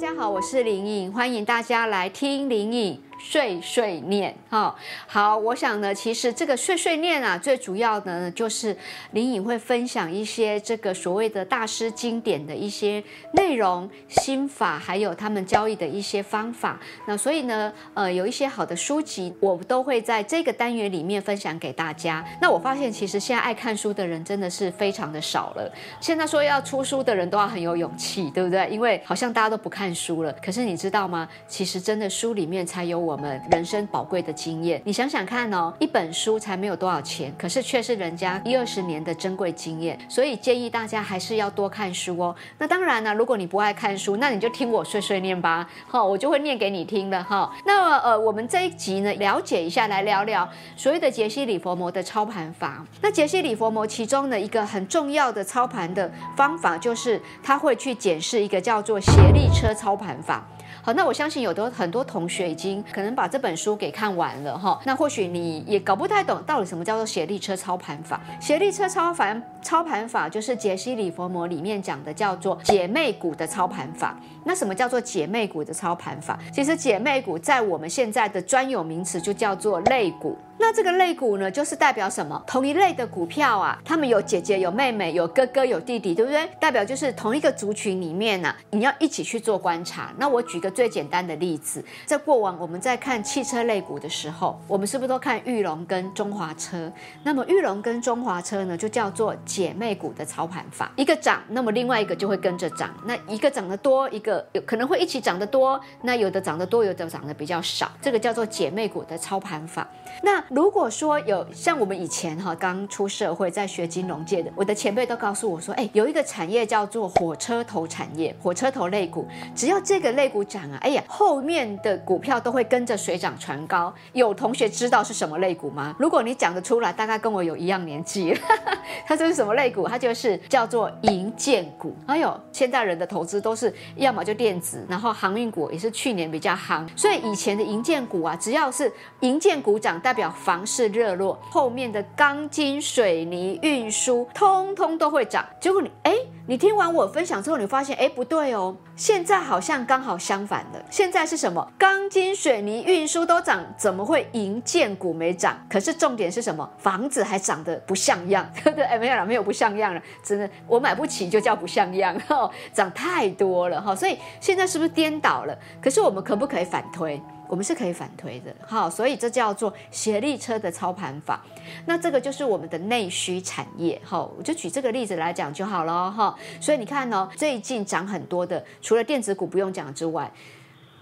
大家好，我是林穎，歡迎大家來聽林穎。睡睡唸哈、哦，好，我想呢，其實這個睡睡唸啊，最主要的呢就是林穎會分享一些這個所謂的大師經典的一些內容、心法，還有他們交易的一些方法。那所以呢，呃，有一些好的書籍，我都會在這個單元裡面分享給大家。那我發現，其實現在愛看書的人真的是非常的少了。現在說要出書的人都要很有勇氣，對不對？因為好像大家都不看書了。可是你知道嗎？其實真的書裡面才有。我們人生寶貴的經驗，你想想看哦，一本書才沒有多少錢，可是卻是人家一二十年的珍貴經驗，所以建議大家還是要多看書哦。那當然呢、啊，如果你不愛看書，那你就聽我睡睡唸吧。好、哦，我就會念給你聽的哈、哦。那呃，我們這一集呢，了解一下，來聊聊所謂的傑西·李佛摩的操盤法。那傑西·李佛摩其中的一個很重要的操盤的方法，就是他會去檢視一個叫做協力車操盤法。好，那我相信有的很多同學已經。可能把這本書給看完了哈，那或許你也搞不太懂到底什麼叫做協力車操盤法？協力車操盤操盤法就是傑西·李佛摩裡面講的叫做姐妹股的操盤法。那什麼叫做姐妹股的操盤法？其實姐妹股在我們現在的專有名詞就叫做類股。那這個類股呢，就是代表什麼？同一類的股票啊，他們有姐姐、有妹妹、有哥哥、有弟弟，對不對？代表就是同一個族群裡面啊，你要一起去做觀察。那我舉個最簡單的例子，在過往我們在看汽車類股的時候，我們是不是都看裕隆跟中華車？那麼裕隆跟中華車呢，就叫做姐妹股的操盤法。一個漲，那麼另外一個就會跟着漲。那一個漲得多，一個有可能會一起漲得多。那有的漲得多，有的漲得比較少，這個叫做姐妹股的操盤法。那如果說有像我們以前哈、哦、剛出社會在學金融界的，我的前輩都告訴我說，哎，有一個產業叫做火車頭產業，火車頭類股，只要這個類股漲啊，哎呀，後面的股票都會跟着水漲船高。有同學知道是什麼類股嗎？如果你講得出來，大概跟我有一樣年紀，哈哈，他就是什麼類股？它就是叫做營建股。哎呦，現在人的投資都是要麼就電子，然後航運股也是去年比較夯，所以以前的營建股啊，只要是營建股漲，代表房市熱絡，後面的鋼筋水泥運輸通通都會漲。結果你哎、欸，你聽完我分享之後，你發現哎、欸、不對哦，現在好像剛好相反了。現在是什麼？鋼筋水泥運輸都漲，怎麼會營建股沒漲？可是重點是什麼？房子還漲得不像樣，對不對？沒有了，沒有不像樣了。真的，我買不起就叫不像樣，哈、哦，漲太多了哈、哦。所以現在是不是顛倒了？可是我們可不可以反推？我們是可以反推的，所以這叫做協力車的操盤法。那這個就是我們的內需產業，哈，我就舉這個例子來講就好了，哈。所以你看最近漲很多的，除了電子股不用講之外，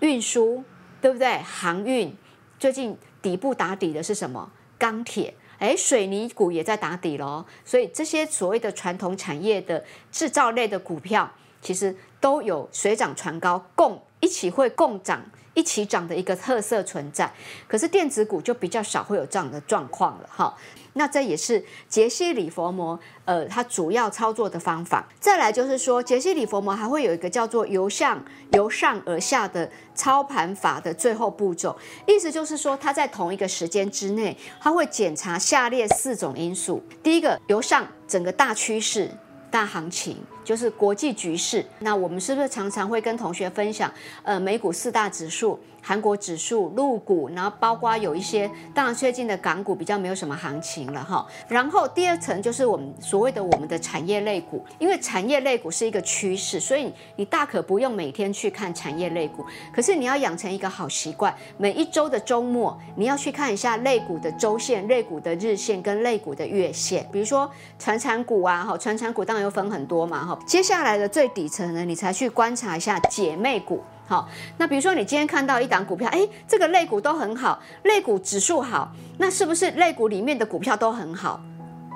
運輸，對不對？航運最近底部打底的是什麼？鋼鐵，哎，水泥股也在打底嘍。所以這些所謂的傳統產業的制造類的股票，其實都有水漲船高共，共一起會共漲。一起漲的一個特色存在，可是電子股就比較少會有這樣的狀況了哈。那這也是傑西·李佛摩呃它主要操作的方法。再來就是說，傑西·李佛摩還會有一個叫做由上由上而下的操盤法的最後步驟，意思就是說它在同一個時間之內，它會檢查下列四種因素：第一個由上整個大趨勢大行情。就是國際局勢，那我們是不是常常會跟同學分享？呃，美股四大指數、韓國指數、陸股，然後包括有一些，當然最近的港股比較沒有什麼行情了哈。然後第二層就是我們所謂的我們的產業類股，因為產業類股是一個趨勢，所以你大可不用每天去看產業類股，可是你要養成一個好習慣，每一周的周末你要去看一下類股的周線、類股的日線跟類股的月線，比如說傳產股啊，哈，傳產股當然有分很多嘛，哈。接下來的最底層呢，你才去觀察一下姐妹股。好，那比如說你今天看到一檔股票，哎、欸，這個類股都很好，類股指數好，那是不是類股裡面的股票都很好？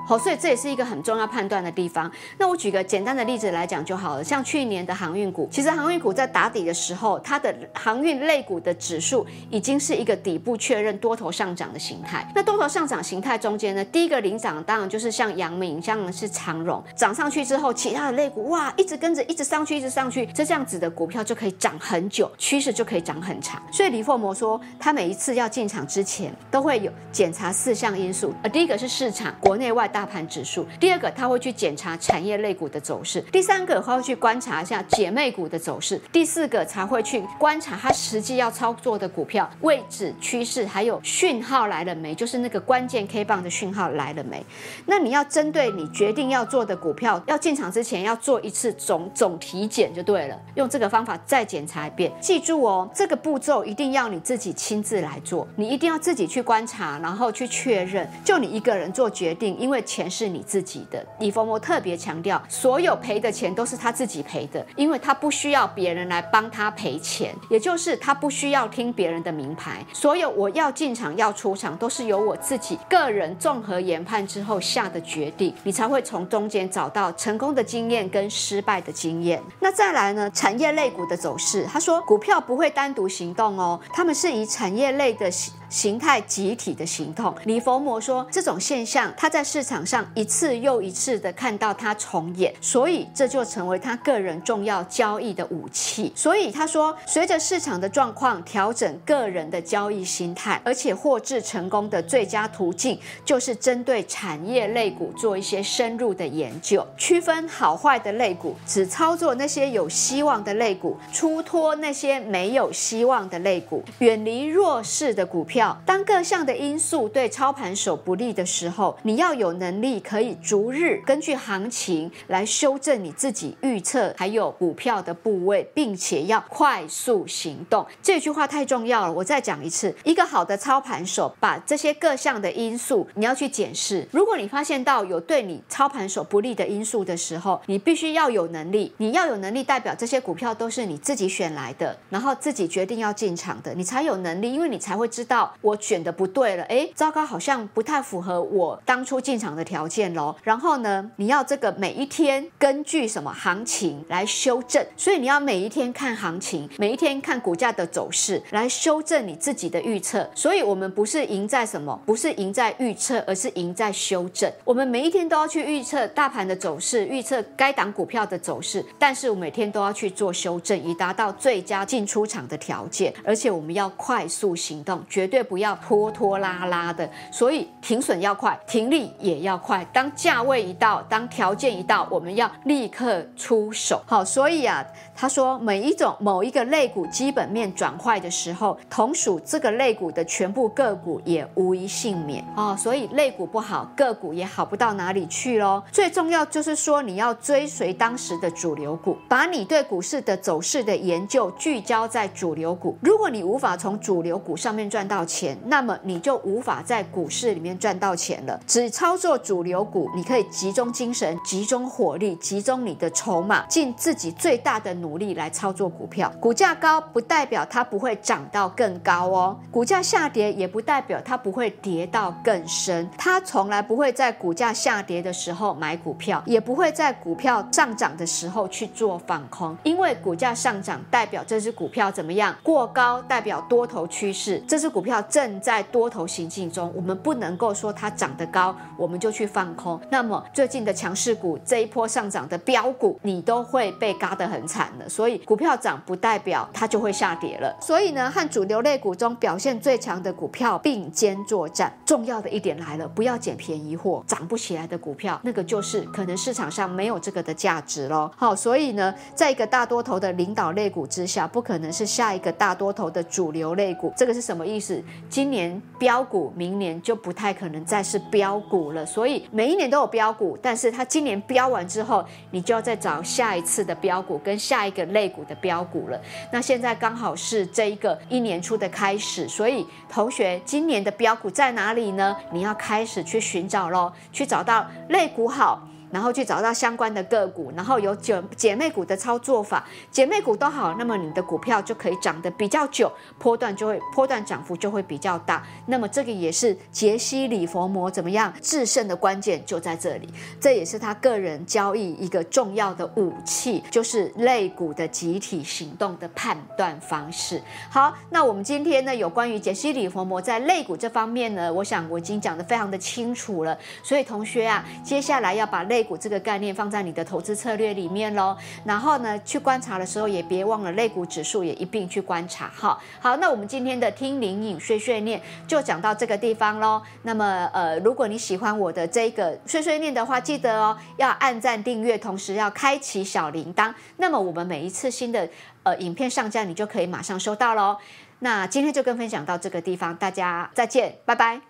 好、哦，所以這也是一個很重要判斷的地方。那我舉個簡單的例子來講就好了。像去年的航運股，其實航運股在打底的時候，它的航運類股的指數已經是一個底部確認多頭上漲的形態。那多頭上漲形態中間呢，第一個領漲當然就是像陽明，像是長榮漲上去之後，其他的類股哇，一直跟着，一直上去，一直上去，這這樣子的股票就可以漲很久，趨勢就可以漲很長。所以李佛摩說，他每一次要進場之前，都會有檢查四項因素。第一個是市場，國內外大盤指數。第二個他會去檢查產業類股的走勢，第三個他會去觀察一下姐妹股的走勢，第四個才會去觀察他實際要操作的股票位置趨勢，還有訊號來了沒，就是那個關鍵 K 棒的訊號來了沒。那你要針對你決定要做的股票，要進場之前要做一次總總體檢就對了，用這個方法再檢查一遍。記住哦，這個步驟一定要你自己親自來做，你一定要自己去觀察，然後去確認，就你一個人做決定，因為。錢是你自己的。李佛摩特別強調，所有賠的錢都是他自己賠的，因為他不需要別人來幫他賠錢，也就是他不需要聽別人的名牌。所有我要進場、要出場，都是由我自己個人綜合研判之後下的決定。你才會從中間找到成功的經驗跟失敗的經驗。那再來呢？產業類股的走勢，他說股票不會單獨行動哦，他們是以產業類的。形態集體的行動，李佛摩說這種現象，他在市場上一次又一次的看到它重演，所以這就成為他個人重要交易的武器。所以他說，隨着市場的狀況調整個人的交易心態，而且獲致成功的最佳途徑就是針對產業類股做一些深入的研究，區分好壞的類股，只操作那些有希望的類股，出脫那些沒有希望的類股，遠離弱勢的股票。當各項的因素對操盤手不利的時候，你要有能力可以逐日根據行情來修正你自己預測，還有股票的部位，並且要快速行動。這句話太重要了，我再講一次。一個好的操盤手，把這些各項的因素你要去檢視。如果你發現到有對你操盤手不利的因素的時候，你必須要有能力，你要有能力代表這些股票都是你自己選來的，然後自己決定要進場的，你才有能力，因為你才會知道。我選的不對了，哎，糟糕，好像不太符合我當初進場的條件咯然後呢，你要這個每一天根據什麼行情來修正，所以你要每一天看行情，每一天看股價的走勢來修正你自己的預測。所以我們不是贏在什麼，不是贏在預測，而是贏在修正。我們每一天都要去預測大盤的走勢，預測該檔股票的走勢，但是我們每天都要去做修正，以達到最佳進出場的條件，而且我們要快速行動，絕對。不要拖拖拉拉的，所以停損要快，停利也要快。當價位一到，當條件一到，我們要立刻出手。好，所以啊，他說每一種某一個類股基本面轉壞的時候，同屬這個類股的全部個股也無一幸免哦，所以類股不好，個股也好不到哪裡去咯。最重要就是說，你要追隨當時的主流股，把你對股市的走勢的研究聚焦在主流股。如果你無法從主流股上面賺到，錢，那麼你就無法在股市裡面賺到錢了。只操作主流股，你可以集中精神、集中火力、集中你的籌碼，盡自己最大的努力來操作股票。股價高不代表它不會漲到更高哦，股價下跌也不代表它不會跌到更深。它從來不會在股價下跌的時候買股票，也不會在股票上漲的時候去做放空，因為股價上漲代表這只股票怎麼樣？過高代表多頭趨勢，這只股票。正在多頭行進中，我們不能夠說它漲得高，我們就去放空。那麼最近的強勢股這一波上漲的飆股，你都會被軋得很慘了。所以股票漲不代表它就會下跌了。所以呢，和主流類股中表現最強的股票並肩作戰。重要的一點來了，不要撿便宜貨，漲不起來的股票，那個就是可能市場上沒有這個的價值嘍。好、哦，所以呢，在一個大多頭的領導類股之下，不可能是下一個大多頭的主流類股。這個是什麼意思？今年標股，明年就不太可能再是標股了。所以每一年都有標股，但是它今年標完之後，你就要再找下一次的標股跟下一個類股的標股了。那現在剛好是這一個一年初的開始，所以同學，今年的標股在哪裡呢？你要開始去尋找嘍，去找到類股好。然後去找到相關的個股，然後有姐姐妹股的操作法，姐妹股都好，那麼你的股票就可以漲得比較久，波段就會波段漲幅就會比較大。那麼這個也是傑西·李佛摩怎麼樣制勝的關鍵就在這裡，這也是他個人交易一個重要的武器，就是類股的集體行動的判斷方式。好，那我們今天呢，有關於傑西·李佛摩在類股這方面呢，我想我已經講得非常的清楚了。所以同學啊，接下來要把類 A 股這個概念放在你的投資策略裡面嘍，然後呢，去觀察的時候也別忘了 A 股指數也一併去觀察哈。好，那我們今天的聽林穎碎碎念就講到這個地方嘍。那麼呃，如果你喜歡我的這個碎碎念的話，記得哦要按讚訂閱，同時要開啟小鈴鐺。那麼我們每一次新的呃影片上架，你就可以馬上收到嘍。那今天就跟分享到這個地方，大家再見，拜拜。